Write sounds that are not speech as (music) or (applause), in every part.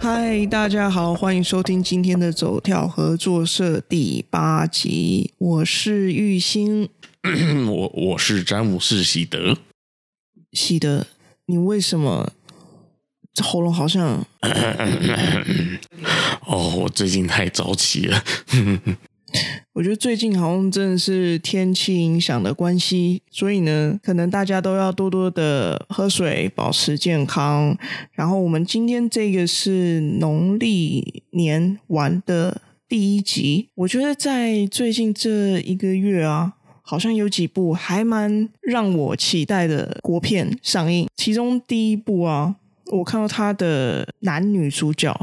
嗨，Hi, 大家好，歡迎收聽今天的走跳合作社第八集。我是玉星。 (coughs) 我我是詹姆士喜德。喜德，你為什麼這喉嚨好像 (coughs) 哦，我最近太早起了。 (laughs) 我覺得最近好像真的是天氣影響的關係，所以呢，可能大家都要多多的喝水，保持健康。然後我們今天這個是農曆年完的第一集。我覺得在最近這一個月啊，好像有幾部還蠻讓我期待的國片上映。其中第一部啊，我看到它的男女主角，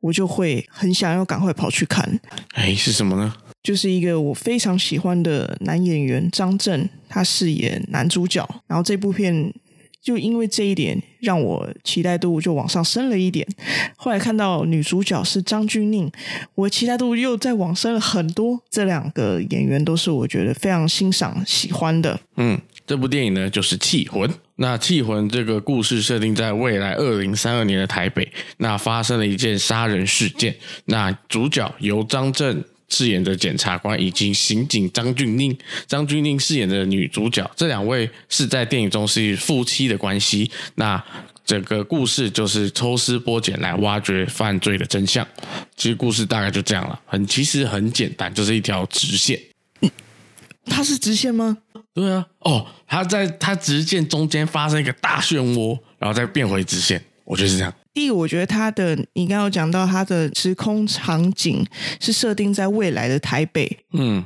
我就會很想要趕快跑去看。哎，是什麼呢？就是一個我非常喜歡的男演員張震，他飾演男主角。然後這部片就因為這一點，讓我期待度就往上升了一點。後來看到女主角是張鈞甯，我期待度又再往升了很多。這兩個演員都是我覺得非常欣賞、喜歡的。嗯，這部電影呢就是《緝魂》。那《緝魂》這個故事設定在未來二零三二年的台北，那發生了一件殺人事件。那主角由張震，飾演的檢察官以及刑警張鈞甯，張鈞甯飾演的女主角，這兩位是在電影中是夫妻的關係。那整個故事就是抽絲剝繭來挖掘犯罪的真相。其實故事大概就這樣了，很其實很簡單，就是一條直線。嗯，它是直線嗎？對啊，哦，它在它直線中間發生一個大漩渦，然後再變回直線。我覺得是這樣。第一個，我覺得他的你剛剛有講到他的時空場景是設定在未來的台北，嗯，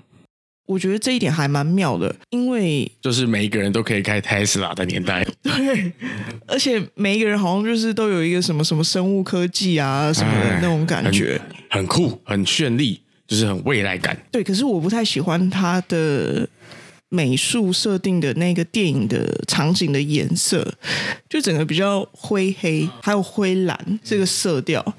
我覺得這一點還蠻妙的，因為就是每一個人都可以開 Tesla 的年代，對，而且每一個人好像就是都有一個什麼什麼生物科技啊什麼的那種感覺很，很酷，很絢麗，就是很未來感。對，可是我不太喜歡他的。美術設定的那個電影的場景的顏色，就整個比較灰黑，還有灰藍這個色調，嗯、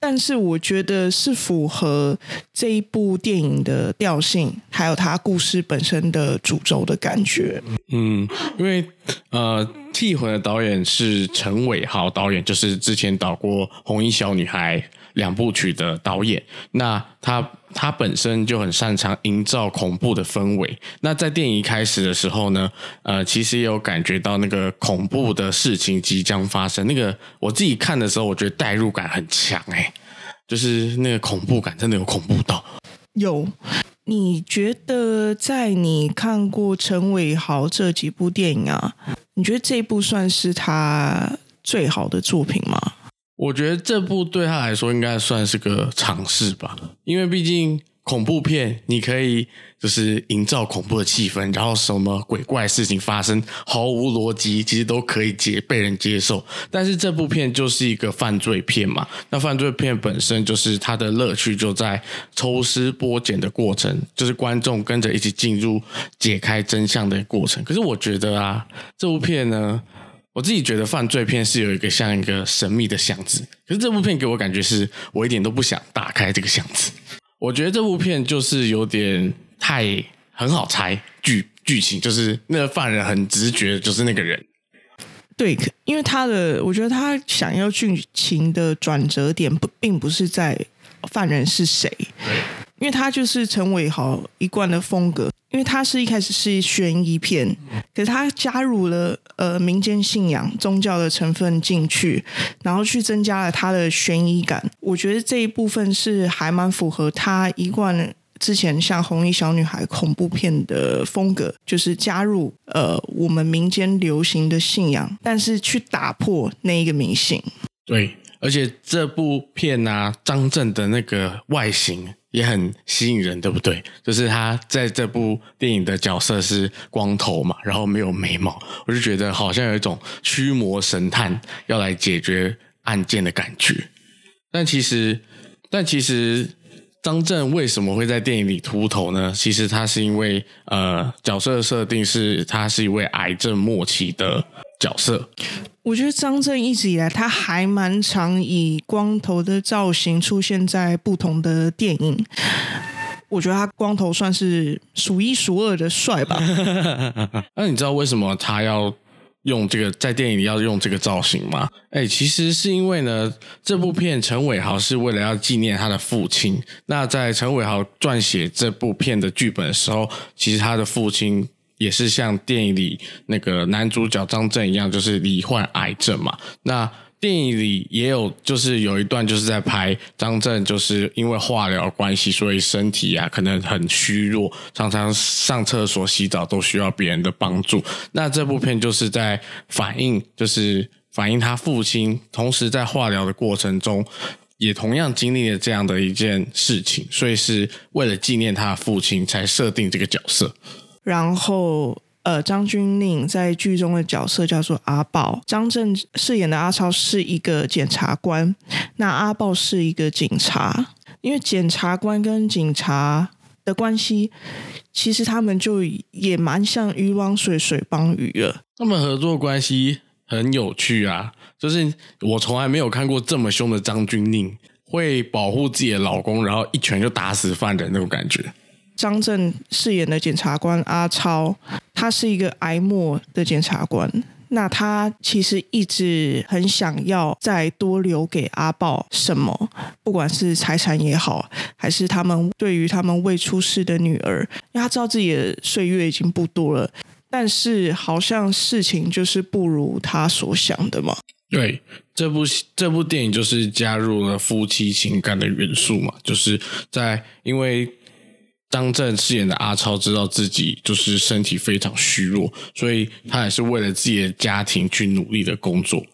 但是我覺得是符合這一部電影的調性，還有它故事本身的主軸的感覺。嗯，因為呃，緝魂的導演是陳偉豪導演，就是之前導過《紅衣小女孩》。兩部曲的導演，那他他本身就很擅長營造恐怖的氛圍。那在電影一開始的時候呢，呃，其實也有感覺到那個恐怖的事情即將發生。那個我自己看的時候，我覺得代入感很強，欸，哎，就是那個恐怖感真的有恐怖到。有，你覺得在你看過程偉豪這幾部電影啊，你覺得這一部算是他最好的作品嗎？我覺得這部對他來說應該算是個嘗試吧，因為畢竟恐怖片你可以就是營造恐怖的氣氛，然後什麼鬼怪事情發生毫無邏輯，其實都可以解被人接受。但是這部片就是一個犯罪片嘛，那犯罪片本身就是他的樂趣就在抽絲剝繭的過程，就是觀眾跟着一起進入解開真相的過程。可是我覺得啊，這部片呢。我自己覺得犯罪片是有一個像一個神秘的箱子，可是這部片給我感覺是我一點都不想打開這個箱子。我覺得這部片就是有點太很好猜劇劇情，就是那個犯人很直覺就是那個人。對，因為他的我覺得他想要劇情的轉折點不並不是在犯人是誰，因為他就是程偉豪一貫的風格。因為它是一開始是懸疑片，可是它加入了呃民間信仰宗教的成分進去，然後去增加了它的懸疑感。我覺得這一部分是還蠻符合他一貫之前像《紅衣小女孩》恐怖片的風格，就是加入呃我們民間流行的信仰，但是去打破那一個迷信。對。而且這部片啊，張震的那個外形也很吸引人，對不對？就是他在這部電影的角色是光頭嘛，然後沒有眉毛，我就覺得好像有一種驅魔神探要來解決案件的感覺。但其實，但其實張震為什麼會在電影裡禿頭呢？其實他是因為呃，角色設定是他是一位癌症末期的。角色，我覺得張震一直以來，他還蠻常以光頭的造型，出現在不同的電影。我覺得他光頭算是數一數二的帥吧。那、 (laughs) 啊、你知道為什麼他要用這個在電影裡要用這個造型嗎？哎，其實是因為呢，這部片陳偉豪是為了要紀念他的父親。那在陳偉豪撰寫這部片的劇本的時候，其實他的父親，也是像電影裡那個男主角張震一樣，就是罹患癌症嘛。那電影裡也有，就是有一段就是在拍張震，就是因為化療關係，所以身體啊可能很虛弱，常常上廁所、洗澡都需要別人的幫助。那這部片就是在反映，就是反映他父親，同時在化療的過程中，也同樣經歷了這樣的一件事情，所以是為了紀念他的父親，才設定這個角色。然後，呃，張鈞甯在劇中的角色叫做阿寶，張震飾演的阿超是一個檢察官，那阿寶是一個警察，因為檢察官跟警察的關係，其實他們就也蠻像魚幫水，水幫魚兒，他們合作關係很有趣啊，就是我從來沒有看過這麼兇的張鈞甯，會保護自己的老公，然後一拳就打死犯人那種感覺。張震飾演的檢察官阿超，他是一個癌末的檢察官。那他其實一直很想要再多留給阿爆什麼，不管是財產也好，還是他們對於他們未出世的女兒。因為他知道自己的歲月已經不多了，但是好像事情就是不如他所想的嘛。對，這部這部電影就是加入了夫妻情感的元素嘛，就是在因為。張震飾演的阿超知道自己就是身體非常虛弱，所以他也是為了自己的家庭去努力的工作，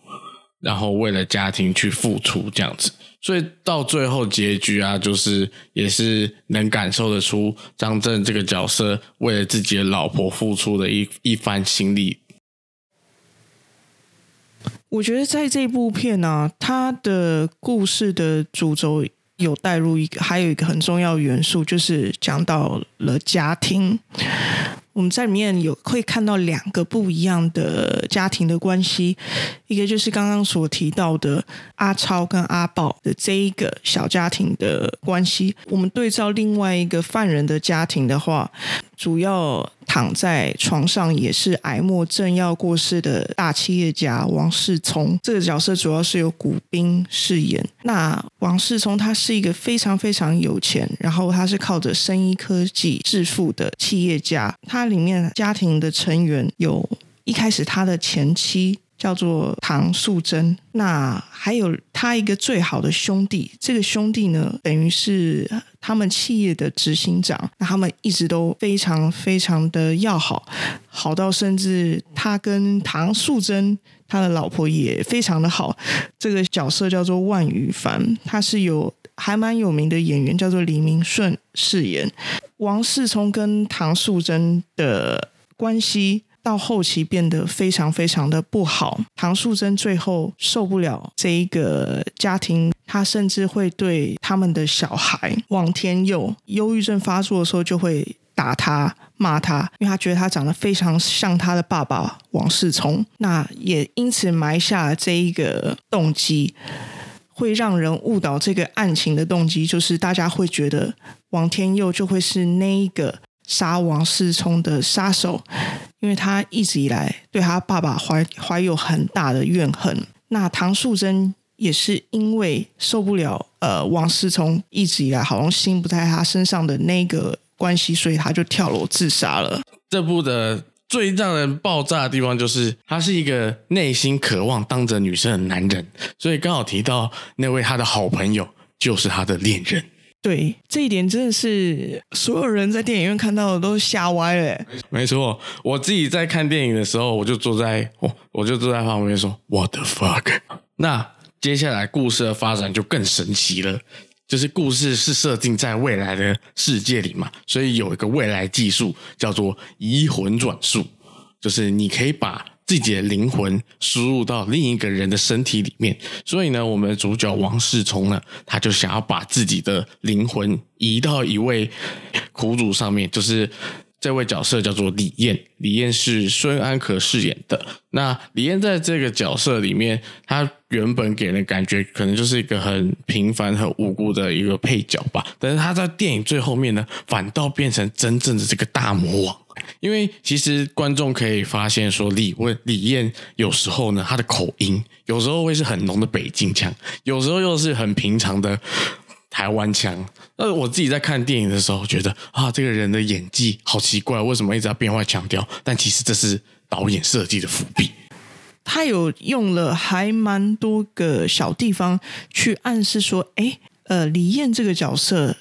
然後為了家庭去付出這樣子。所以到最後結局啊，就是也是能感受得出張震這個角色為了自己的老婆付出的一一番心力。我覺得在這部片呢啊，他的故事的主軸。有帶入一個，還有一個很重要元素，就是講到了家庭。我們在裡面有會看到兩個不一樣的家庭的關係，一個就是剛剛所提到的阿超跟阿寶的這一個小家庭的關係。我們對照另外一個犯人的家庭的話。主要躺在床上也是癌末正要過世的大企業家王世聰這個角色主要是由古兵飾演。那王世聰他是一個非常非常有錢，然後他是靠着生醫科技致富的企業家。他裡面家庭的成員有，一開始他的前妻。叫做唐素貞，那還有他一個最好的兄弟，這個兄弟呢，等於是他們企業的執行長，那他們一直都非常非常的要好，好到甚至他跟唐素貞他的老婆也非常的好。這個角色叫做萬宇凡，他是有還蠻有名的演員，叫做李銘順，飾演王世聰跟唐素貞的關係到後期變得非常非常的不好，唐素貞最後受不了這一個家庭，她甚至會對他們的小孩王天佑憂鬱症發作的時候就會打他，罵他，因為他覺得他長得非常像他的爸爸王世聰，那也因此埋下了這一個動機，會讓人誤導這個案情的動機，就是大家會覺得王天佑就會是那一個。殺王世聰的殺手，因為他一直以來對他爸爸懷懷有很大的怨恨。那唐素貞也是因為受不了呃王世聰一直以來好像心不在他身上的那個關係，所以他就跳樓自殺了。這部的最讓人爆炸的地方就是他是一個內心渴望當着女生的男人，所以剛好提到那位他的好朋友就是他的戀人。對，這一點真的是所有人在電影院看到的都嚇歪了。沒錯，我自己在看電影的時候，我就坐在我、哦、我就坐在旁邊說 “What the fuck” 那。那接下來故事的發展就更神奇了，就是故事是設定在未來的世界裡嘛，所以有一個未來技術叫做移魂轉術，就是你可以把。自己的靈魂輸入到另一個人的身體裡面，所以呢，我們的主角王世聰呢，他就想要把自己的靈魂移到一位苦主上面，就是這位角色叫做李燕，李燕是孫安可飾演的。那李燕在這個角色裡面，他原本給人感覺可能就是一個很平凡、很無辜的一個配角吧，但是他在電影最後面呢，反倒變成真正的這個大魔王。因為其實觀眾可以發現，說李問李燕有時候呢，他的口音有時候會是很濃的北京腔，有時候又是很平常的台灣腔。那我自己在看電影的時候覺得啊，這個人的演技好奇怪，為什麼一直要變換腔調？但其實這是導演設計的伏筆。他有用了還蠻多個小地方去暗示說，哎，呃，李燕這個角色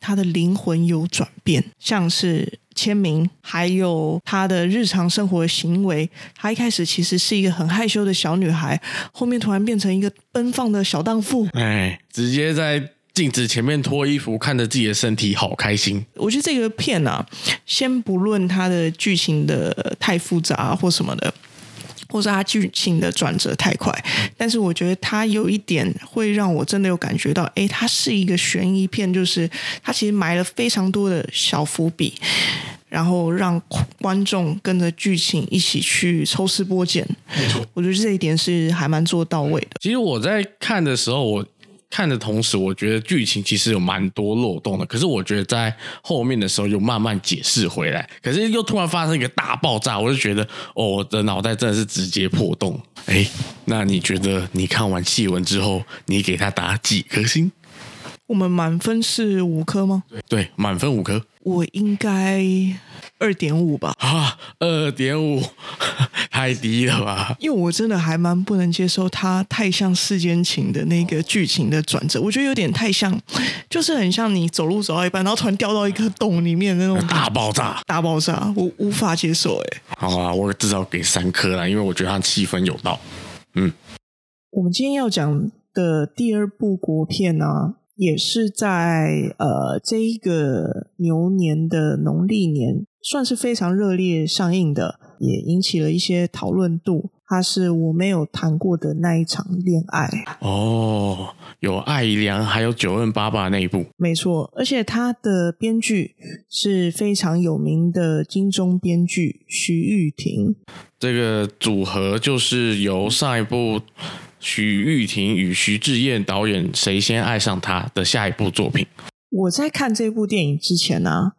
他的靈魂有轉變，像是。簽名，還有她的日常生活行為。她一開始其實是一個很害羞的小女孩，後面突然變成一個奔放的小蕩婦，哎，直接在鏡子前面脫衣服，看着自己的身體，好開心。我覺得這個片啊，先不論它的劇情的，呃，太複雜或什麼的。或是它劇情的轉折太快，但是我覺得它有一點會讓我真的有感覺到，誒、欸，它是一個懸疑片，就是它其實埋了非常多的小伏筆，然後讓觀眾跟着劇情一起去抽絲剝繭。沒錯，我覺得這一點是還蠻做到位的，嗯。其實我在看的時候，我。看的同時，我覺得劇情其實有蠻多漏洞的。可是我覺得在後面的時候又慢慢解釋回來，可是又突然發生一個大爆炸，我就覺得哦，我的腦袋真的是直接破洞。誒，那你覺得你看完戲文之後，你給他打幾顆星？我們滿分是五顆嗎？對，滿分五顆。我應該二點五吧。啊，二點五太低了吧？因為我真的還蠻不能接受它太像《世間情》的那個劇情的轉折，我覺得有點太像，就是很像你走路走到一半，然後突然掉到一個洞裡面的那種大爆炸，大爆炸，我無法接受。哎，好啊，我至少給三顆啦，因為我覺得它氣氛有到。嗯，我們今天要講的第二部國片呢，啊，也是在呃這一個。牛年的農曆年算是非常熱烈上映的，也引起了一些討論度。它是我沒有談過的那一場戀愛哦，有《愛良》，還有《九恩爸爸》那一部，沒錯。而且他的編劇是非常有名的金鐘編劇徐玉婷，這個組合就是由上一部徐玉婷與徐志彥導演《誰先愛上他的》的下一部作品。我在看這部電影之前呢、啊，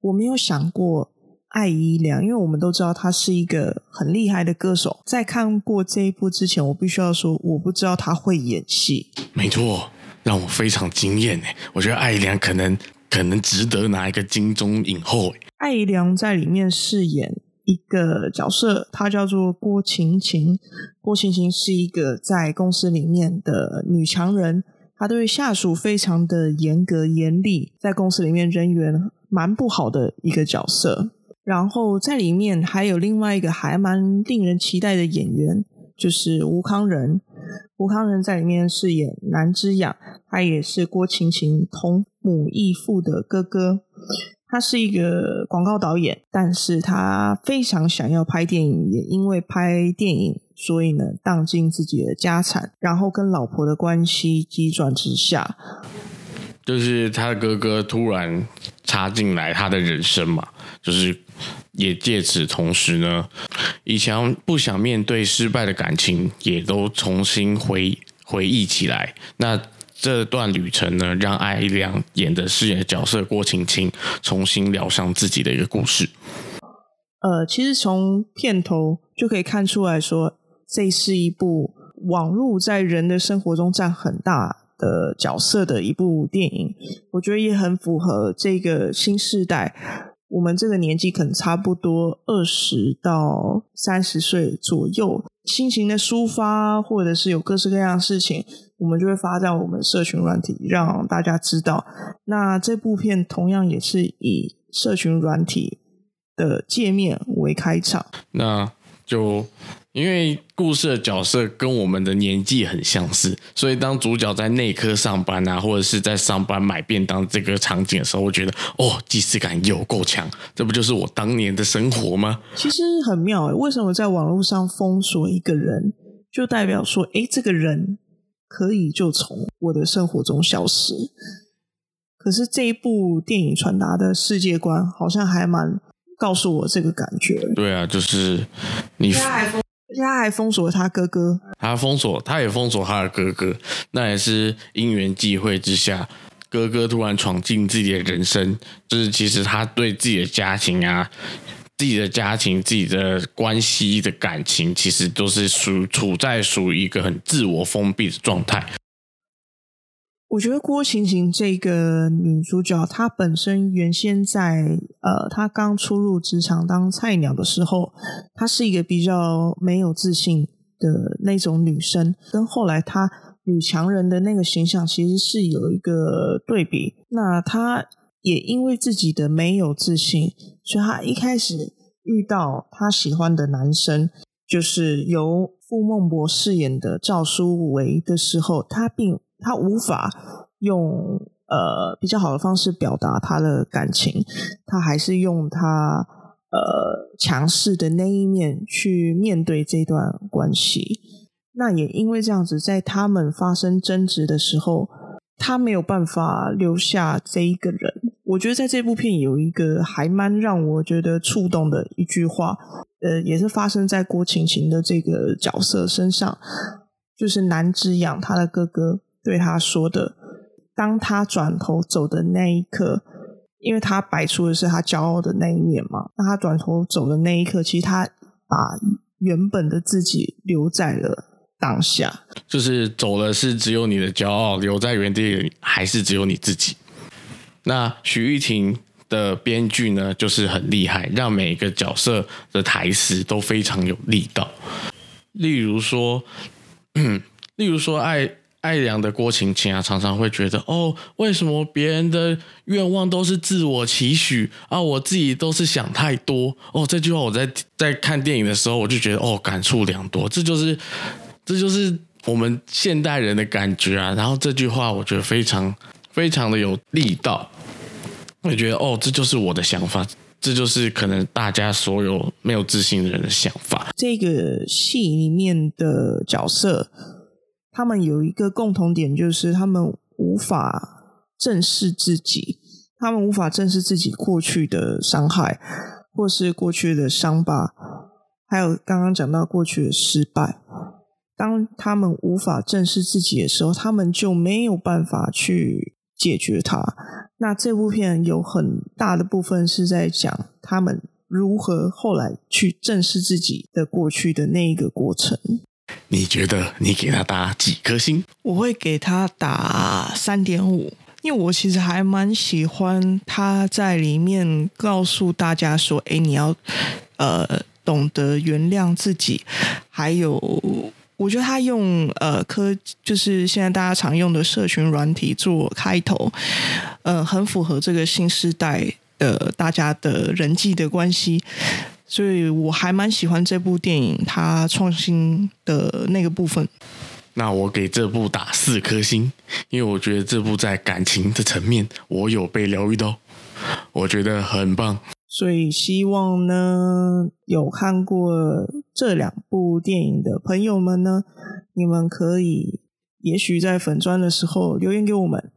我沒有想過艾怡良，因為我們都知道她是一個很厲害的歌手。在看過這一部之前，我必須要說，我不知道他會演戲。沒錯，讓我非常驚艷誒，我覺得艾怡良可能可能值得拿一個金鐘影後。艾怡良在裡面飾演一個角色，她叫做郭晴晴。郭晴晴是一個在公司裡面的女強人。他對下屬非常的嚴格嚴厲，在公司裡面人緣蠻不好的一個角色。然後在裡面還有另外一個還蠻令人期待的演員，就是吳康仁。吳康仁在裡面飾演南之雅，他也是郭晴晴同母異父的哥哥。他是一個廣告導演，但是他非常想要拍電影，也因為拍電影。所以呢，蕩盡自己的家產，然後跟老婆的關係急轉直下，就是他的哥哥突然插進來他的人生嘛，就是也借此同時呢，以前不想面對失敗的感情也都重新回回憶起來。那這段旅程呢，讓艾怡良演的飾演的角色郭青青重新療傷自己的一個故事。呃，其實從片頭就可以看出來說。這是一部網絡在人的生活中占很大的角色的一部電影，我覺得也很符合這個新世代。我們這個年紀可能差不多二十到三十歲左右，心情的抒發，或者是有各式各樣的事情，我們就會發在我們社群軟體，讓大家知道。那這部片同樣也是以社群軟體的介面為開場，那就。因為故事的角色跟我們的年紀很相似，所以當主角在內科上班啊，或者是在上班買便當這個場景的時候，我覺得哦，既視感有夠強，這不就是我當年的生活嗎？其實很妙欸，為什麼在網絡上封鎖一個人，就代表說，誒，這個人可以就從我的生活中消失？可是這一部電影傳達的世界觀，好像還蠻告訴我這個感覺。對啊，就是你。他還封鎖了他哥哥，他封鎖，他也封鎖他的哥哥。那也是因緣際會之下，哥哥突然闖進自己的人生。就是其實他對自己的家庭啊，自己的家庭、自己的關係的感情，其實都是屬處在屬於一個很自我封閉的狀態。我覺得郭晴晴這個女主角，她本身原先在呃，她剛初入職場當菜鳥的時候，她是一個比較沒有自信的那種女生，跟後來她女強人的那個形象其實是有一個對比。那她也因為自己的沒有自信，所以她一開始遇到她喜歡的男生，就是由傅孟柏飾演的趙書維的時候，她並。他無法用呃比較好的方式表達他的感情，他還是用他呃強勢的那一面去面對這段關係。那也因為這樣子，在他們發生爭執的時候，他沒有辦法留下這一個人。我覺得在這部片有一個還蠻讓我覺得觸動的一句話，呃，也是發生在郭晴晴的這個角色身上，就是男子養他的哥哥。對他說的，當他轉頭走的那一刻，因為他擺出的是他驕傲的那一面嘛。那他轉頭走的那一刻，其實他把原本的自己留在了當下。就是走了，是只有你的驕傲留在原地，還是只有你自己？那徐譽庭的編劇呢，就是很厲害，讓每一個角色的台詞都非常有力道。例如說，例如說愛。愛良的郭晴晴啊，常常會覺得哦，為什麼別人的願望都是自我期許啊？我自己都是想太多哦。這句話我在在看電影的時候，我就覺得哦，感觸良多。這就是這就是我們現代人的感覺啊。然後這句話，我覺得非常非常的有力道。我覺得哦，這就是我的想法，這就是可能大家所有沒有自信的人的想法。這個戲裡面的角色。他們有一個共同點，就是他們無法正視自己，他們無法正視自己過去的傷害，或是過去的傷疤，還有剛剛講到過去的失敗。當他們無法正視自己的時候，他們就沒有辦法去解決它。那這部片有很大的部分是在講他們如何後來去正視自己的過去的那一個過程。你覺得你給他打幾顆星？我會給他打三點五，因為我其實還蠻喜歡他在裡面告訴大家說：“誒，你要呃懂得原諒自己。”還有，我覺得他用呃科就是現在大家常用的社群軟體做開頭，呃，很符合這個新時代，呃，大家的人際的關係。所以，我還蠻喜歡這部電影它創新的那個部分。那我給這部打四顆星，因為我覺得這部在感情的層面，我有被療癒到，我覺得很棒。所以，希望呢，有看過這兩部電影的朋友們呢，你們可以，也許在粉專的時候留言給我們，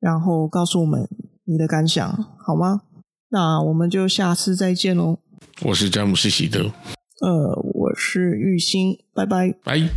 然後告訴我們你的感想，好嗎？那我們就下次再見嘍。我是詹姆斯·希德，呃，我是玉星，拜拜，拜。